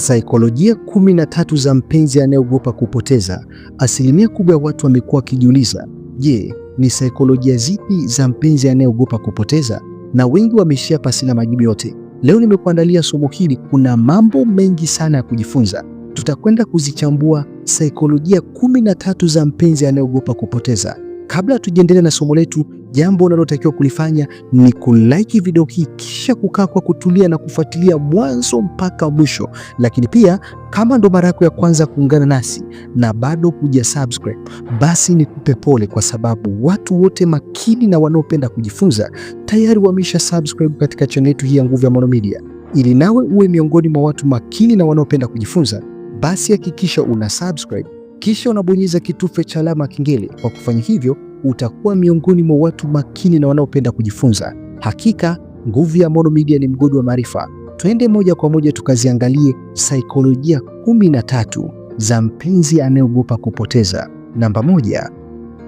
Saikolojia kumi na tatu za mpenzi anayeogopa kupoteza. Asilimia kubwa ya watu wamekuwa wakijiuliza, je, ni saikolojia zipi za mpenzi anayeogopa kupoteza? Na wengi wameishia pasi na majibu yote. Leo nimekuandalia somo hili, kuna mambo mengi sana ya kujifunza. Tutakwenda kuzichambua saikolojia kumi na tatu za mpenzi anayeogopa kupoteza. Kabla tujiendelea na somo letu, jambo unalotakiwa kulifanya ni kulike video hii kisha kukaa kwa kutulia na kufuatilia mwanzo mpaka mwisho. Lakini pia kama ndo mara yako ya kwanza kuungana nasi na bado huja subscribe, basi nikupe pole, kwa sababu watu wote makini na wanaopenda kujifunza tayari wamesha subscribe katika channel yetu hii ya Nguvu ya Maono Media. Ili nawe uwe miongoni mwa watu makini na wanaopenda kujifunza, basi hakikisha una subscribe kisha unabonyeza kitufe cha alama kengele. Kwa kufanya hivyo, utakuwa miongoni mwa watu makini na wanaopenda kujifunza. Hakika nguvu ya Mono Media ni mgodi wa maarifa. Twende moja kwa moja tukaziangalie saikolojia kumi na tatu za mpenzi anayeogopa kupoteza. Namba moja,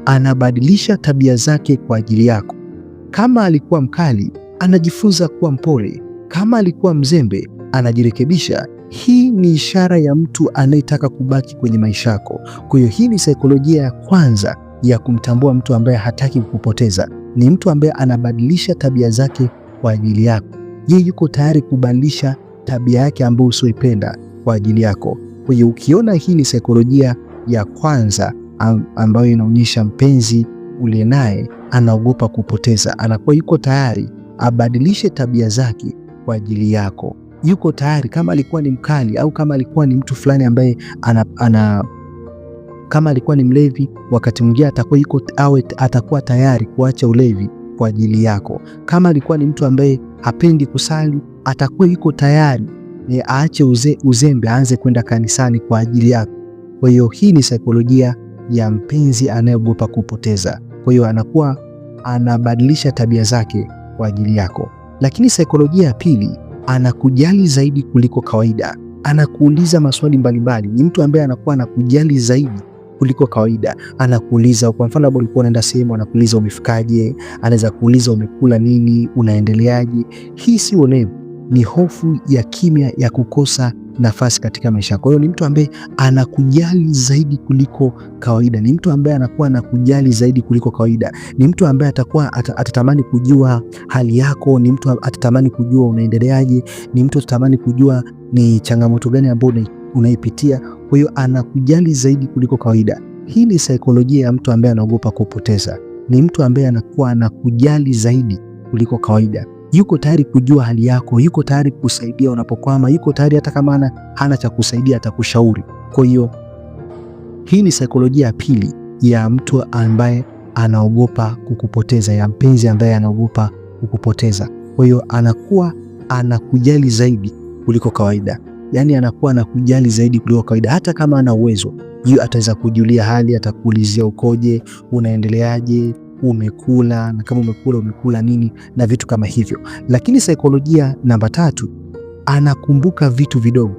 anabadilisha tabia zake kwa ajili yako. Kama alikuwa mkali, anajifunza kuwa mpole. Kama alikuwa mzembe, anajirekebisha. Hii ni ishara ya mtu anayetaka kubaki kwenye maisha yako. Kwa hiyo hii ni saikolojia ya kwanza ya kumtambua mtu ambaye hataki kukupoteza. Ni mtu ambaye anabadilisha tabia zake kwa ajili yako. Ye yuko tayari kubadilisha tabia yake ambayo usioipenda kwa ajili yako. Kwa hiyo ukiona, hii ni saikolojia ya kwanza ambayo inaonyesha mpenzi uliye naye anaogopa kupoteza, anakuwa yuko tayari abadilishe tabia zake kwa ajili yako yuko tayari, kama alikuwa ni mkali au kama alikuwa ni mtu fulani ambaye ana, ana kama alikuwa ni mlevi, wakati mwingine atakuwa yuko awe atakuwa tayari kuacha ulevi kwa ajili yako. Kama alikuwa ni mtu ambaye hapendi kusali, atakuwa yuko tayari ni e, aache uze, uzembe aanze kwenda kanisani kwa ajili yako. Kwa hiyo hii ni saikolojia ya mpenzi anayeogopa kupoteza, kwa hiyo anakuwa anabadilisha tabia zake kwa ajili yako. Lakini saikolojia ya pili anakujali zaidi kuliko kawaida, anakuuliza maswali mbalimbali. Ni mtu ambaye anakuwa anakujali zaidi kuliko kawaida. Anakuuliza kwa mfano, labda ulikuwa unaenda sehemu, anakuuliza umefikaje, anaweza kuuliza umekula nini, unaendeleaje. Hii si uonevu, ni hofu ya kimya ya kukosa nafasi katika maisha yako. Kwa hiyo ni mtu ambaye anakujali zaidi kuliko kawaida, ni mtu ambaye anakuwa anakujali zaidi kuliko kawaida, ni mtu ambaye atakuwa at, atatamani kujua hali yako, ni mtu atatamani kujua unaendeleaje, ni mtu atatamani kujua ni changamoto gani ambayo unaipitia. Kwa hiyo anakujali zaidi kuliko kawaida. Hii ni saikolojia ya mtu ambaye anaogopa kupoteza, ni mtu ambaye anakuwa anakujali zaidi kuliko kawaida yuko tayari kujua hali yako, yuko tayari kusaidia unapokwama, yuko tayari hata kama hana cha kusaidia atakushauri. Kwa hiyo hii ni saikolojia ya pili ya mtu ambaye anaogopa kukupoteza, ya mpenzi ambaye anaogopa kukupoteza. Kwa hiyo anakuwa anakujali zaidi kuliko kawaida, yaani anakuwa anakujali zaidi kuliko kawaida, hata kama ana uwezo juu ataweza kujulia hali, atakuulizia ukoje, unaendeleaje, umekula na kama umekula umekula nini na vitu kama hivyo. Lakini saikolojia namba tatu, anakumbuka vitu vidogo.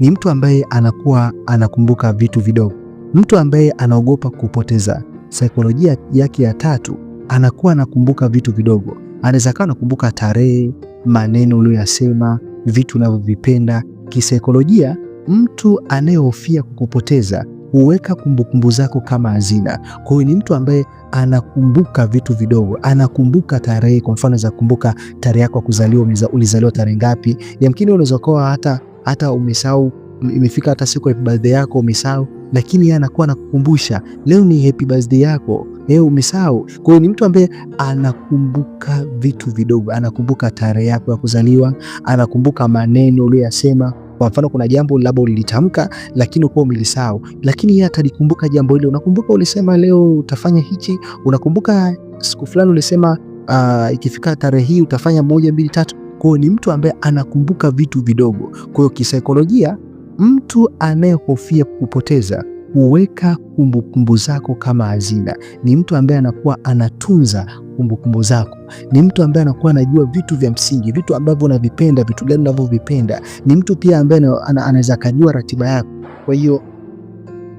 Ni mtu ambaye anakuwa anakumbuka vitu vidogo, mtu ambaye anaogopa kupoteza. Saikolojia yake ya tatu, anakuwa anakumbuka vitu vidogo. Anaweza kawa anakumbuka tarehe, maneno uliyoyasema, vitu unavyovipenda. Kisaikolojia, mtu anayehofia kukupoteza huweka kumbukumbu zako kama hazina. Kwa hiyo ni mtu ambaye anakumbuka vitu vidogo, anakumbuka tarehe. Kwa mfano za kumbuka tarehe yako ya kuzaliwa, ulizaliwa tarehe ngapi. Yamkini unaweza kuwa hata hata umesahau, imefika hata siku ya birthday yako umesahau, lakini yeye anakuwa anakukumbusha, leo ni happy birthday yako Leo umesahau. Kwa hiyo ni mtu ambaye anakumbuka vitu vidogo, anakumbuka tarehe yako ya kuzaliwa, anakumbuka maneno uliyosema. Kwa mfano, kuna jambo labda ulilitamka lakini uko umelisahau, lakini yeye atalikumbuka jambo hilo. Unakumbuka ulisema leo utafanya hichi, unakumbuka siku fulani ulisema uh, ikifika tarehe hii utafanya moja, mbili, tatu. Kwa hiyo ni mtu ambaye anakumbuka vitu vidogo. Kwa hiyo kisaikolojia, mtu anayehofia kupoteza huweka kumbukumbu zako kama hazina. Ni mtu ambaye anakuwa anatunza kumbukumbu zako. Ni mtu ambaye anakuwa anajua vitu vya msingi, vitu ambavyo unavipenda, vitu gani unavyovipenda. Ni mtu pia ambaye anaweza akajua ratiba yako. Kwa hiyo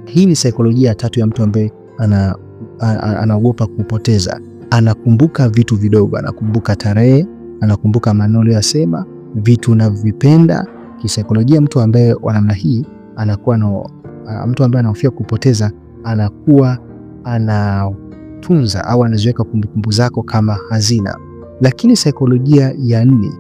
hii ni saikolojia ya tatu ya mtu ambaye anaogopa kupoteza. Anakumbuka vitu vidogo, anakumbuka tarehe, anakumbuka maneno aliyosema, vitu unavyovipenda. Kisaikolojia, mtu ambaye wa namna hii anakuwa na Ah, mtu ambaye anahofia kupoteza anakuwa anatunza au anaziweka kumbukumbu zako kama hazina. Lakini saikolojia ya nne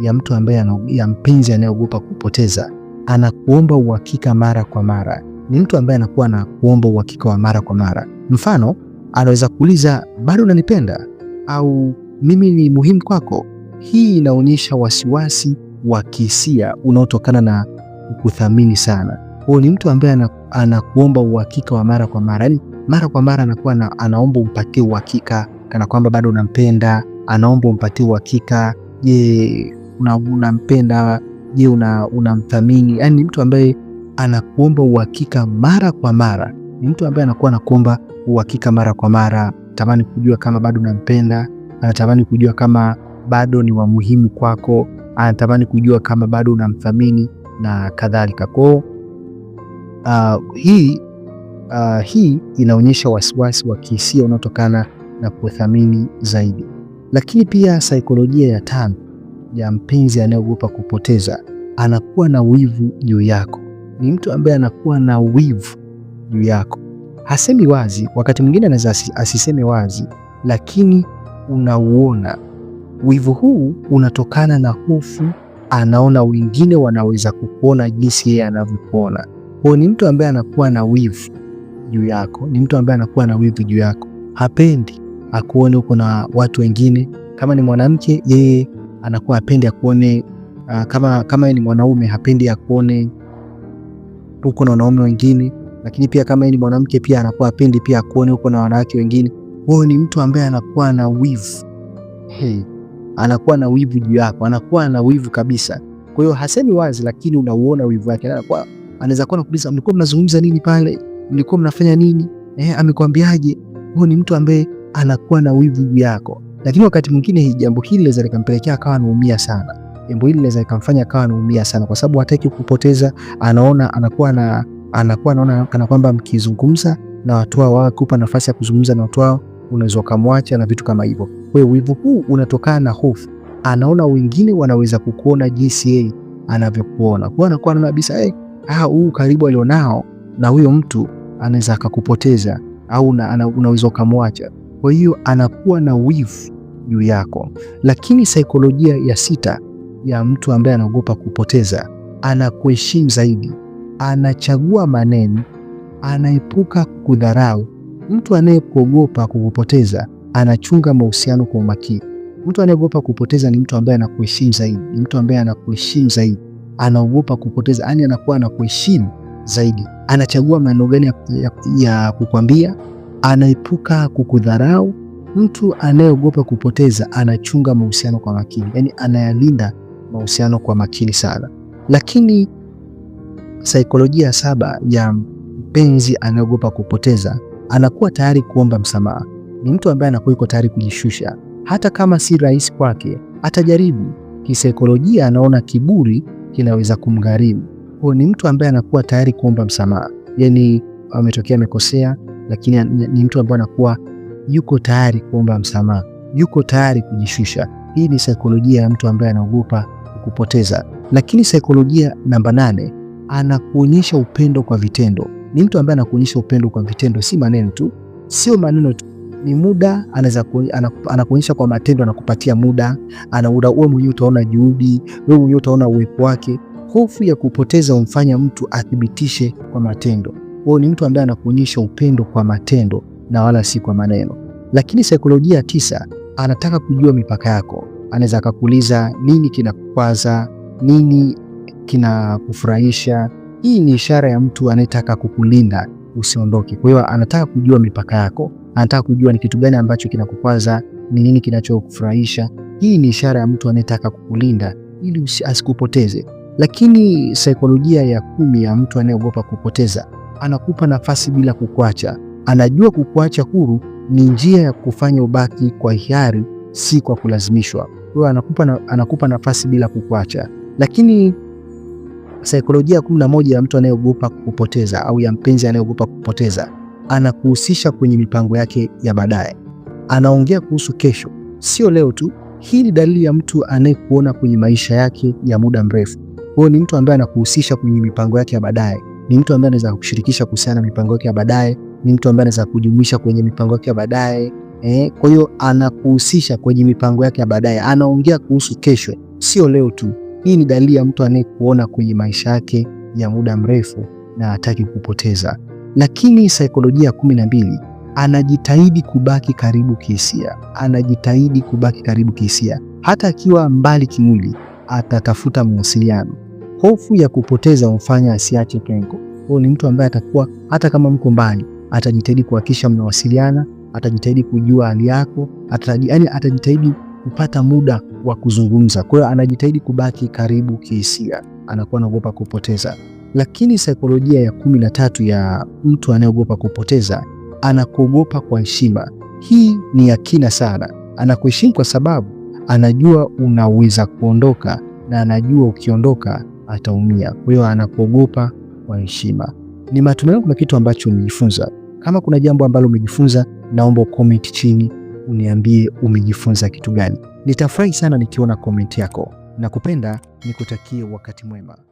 ya mtu ambaye ya mpenzi anayeogopa kupoteza, anakuomba uhakika mara kwa mara. Ni mtu ambaye anakuwa anakuomba uhakika wa mara kwa mara. Mfano, anaweza kuuliza bado unanipenda au mimi ni muhimu kwako. Hii inaonyesha wasiwasi wa kihisia unaotokana na kukuthamini sana. Huyo ni mtu ambaye ana anakuomba uhakika wa mara kwa mara, yani mara kwa mara anakuwa na, anaomba umpatie uhakika kana kwamba bado unampenda, anaomba umpatie uhakika. Je, unampenda? Je, unamthamini? una yani mtu ambaye anakuomba uhakika mara kwa mara, ni mtu ambaye anakuwa anakuomba uhakika mara kwa mara, tamani kujua kama bado unampenda, anatamani kujua kama bado ni wa muhimu kwako, anatamani kujua kama bado unamthamini na kadhalika kwao Uh, hii, uh, hii inaonyesha wasiwasi wa kihisia unaotokana na kuthamini zaidi. Lakini pia saikolojia ya tano ya mpenzi anayeogopa kupoteza, anakuwa na wivu juu yako. Ni mtu ambaye anakuwa na wivu juu yako, hasemi wazi, wakati mwingine anaweza asiseme wazi, lakini unauona wivu huu unatokana na hofu. Anaona wengine wanaweza kukuona jinsi yeye anavyokuona. Kwa ni mtu ambaye anakuwa na wivu juu yako, ni mtu ambaye anakuwa na wivu juu yako, hapendi akuone uko na watu wengine. Kama ni mwanamke, yeye anakuwa hapendi akuone uh, kama kama ni mwanaume, hapendi akuone uko na wanaume wengine. Lakini pia kama ni mwanamke, pia anakuwa hapendi pia akuone uko na wanawake wengine. Kwa ni mtu ambaye anakuwa na wivu hey, anakuwa na wivu juu yako, anakuwa na wivu kabisa. Kwa hiyo hasemi wazi, lakini unauona wivu wake anakuwa anaweza kuwa nakuuliza mlikuwa mnazungumza nini pale, mlikuwa mnafanya nini eh, amekwambiaje? Huyo ni mtu ambaye anakuwa na wivu yako, lakini wakati mwingine jambo hili linaweza likampelekea akawa anaumia sana. Jambo hili linaweza likamfanya akawa anaumia sana, kwa sababu hataki kupoteza, anaona anakuwa na anakuwa anaona kana kwamba mkizungumza na watu wao, wakupa nafasi ya kuzungumza na watu wao, unaweza kumwacha na vitu kama hivyo. Kwa hiyo wivu huu unatokana na hofu, anaona wengine wanaweza kukuona jinsi yeye anavyokuona, kwa anakuwa anaona kabisa eh Ah, huu karibu alionao na huyo mtu anaweza akakupoteza au unaweza ukamwacha. Kwa hiyo anakuwa na wivu juu yako, lakini saikolojia ya sita ya mtu ambaye anaogopa kupoteza, anakuheshimu zaidi, anachagua maneno, anaepuka kudharau. Mtu anayekuogopa kukupoteza anachunga mahusiano kwa umakini. Mtu anayeogopa kupoteza ni mtu ambaye anakuheshimu zaidi, ni mtu ambaye anakuheshimu zaidi anaogopa kupoteza, yani anakuwa anakuheshimu zaidi, anachagua maneno gani ya, ya, ya kukwambia, anaepuka kukudharau. Mtu anayeogopa kupoteza anachunga mahusiano kwa makini, yani anayalinda mahusiano kwa makini sana. Lakini saikolojia saba ya mpenzi anayeogopa kupoteza, anakuwa tayari kuomba msamaha. Ni mtu ambaye anakuwa yuko tayari kujishusha, hata kama si rahisi kwake atajaribu. Kisaikolojia anaona kiburi kinaweza kumgharimu. Huyo ni mtu ambaye anakuwa tayari kuomba msamaha, yani ametokea amekosea, lakini ni mtu ambaye anakuwa yuko tayari kuomba msamaha, yuko tayari kujishusha. Hii ni saikolojia ya mtu ambaye anaogopa kupoteza. Lakini saikolojia namba nane, anakuonyesha upendo kwa vitendo. Ni mtu ambaye anakuonyesha upendo kwa vitendo, si maneno tu, sio maneno tu ni muda anaweza anakuonyesha kwa matendo, anakupatia muda, anauda wewe mwenyewe utaona juhudi, wewe mwenyewe utaona uwepo wake. Hofu ya kupoteza umfanya mtu athibitishe kwa matendo. Wewe ni mtu ambaye anakuonyesha upendo kwa matendo na wala si kwa maneno. Lakini saikolojia tisa, anataka kujua mipaka yako. Anaweza akakuuliza nini kinakukwaza, nini kinakufurahisha. Hii ni ishara ya mtu anayetaka kukulinda usiondoke. Kwa hiyo anataka kujua mipaka yako anataka kujua ni kitu gani ambacho kinakukwaza, ni nini kinachokufurahisha. Hii ni ishara ya mtu anayetaka kukulinda ili asikupoteze. Lakini saikolojia ya kumi ya mtu anayeogopa kupoteza, anakupa nafasi bila kukuacha. Anajua kukuacha huru ni njia ya kufanya ubaki kwa hiari, si kwa kulazimishwa. Kwa anakupa, na, anakupa nafasi bila kukuacha. Lakini saikolojia ya kumi na moja ya mtu anayeogopa kupoteza au ya mpenzi anayeogopa kupoteza anakuhusisha kwenye mipango yake ya baadaye. Anaongea kuhusu kesho, sio leo tu. Hii ni dalili ya mtu anayekuona kwenye maisha yake ya muda mrefu. Huyo ni mtu ambaye anakuhusisha kwenye mipango yake ya baadaye, ni mtu ambaye anaweza kushirikisha kuhusiana na mipango yake ya baadaye, ni mtu ambaye anaweza kujumuisha kwenye mipango yake ya baadaye. Eh, kwa hiyo anakuhusisha kwenye mipango yake ya baadaye, anaongea kuhusu kesho, sio leo tu. Hii ni dalili ya mtu anayekuona kwenye maisha yake ya muda mrefu na hataki kupoteza lakini saikolojia ya kumi na mbili, anajitahidi kubaki karibu kihisia, anajitahidi kubaki karibu kihisia, hata akiwa mbali kimwili, atatafuta mawasiliano. Hofu ya kupoteza umfanya asiache pengo. Huyo ni mtu ambaye atakuwa, hata kama mko mbali, atajitahidi kuhakikisha mnawasiliana, atajitahidi kujua hali yako, yaani atajitahidi kupata muda wa kuzungumza. Kwa hiyo anajitahidi kubaki karibu kihisia, anakuwa anaogopa kupoteza lakini saikolojia ya kumi na tatu ya mtu anayeogopa kupoteza, anakuogopa kwa heshima. Hii ni ya kina sana. Anakuheshimu kwa sababu anajua unaweza kuondoka na anajua ukiondoka ataumia, kwa hiyo anakuogopa kwa heshima. Ni matumaini kuna kitu ambacho umejifunza. Kama kuna jambo ambalo umejifunza, naomba ukomenti chini uniambie umejifunza kitu gani. Nitafurahi sana nikiona komenti yako. Nakupenda, nikutakie wakati mwema.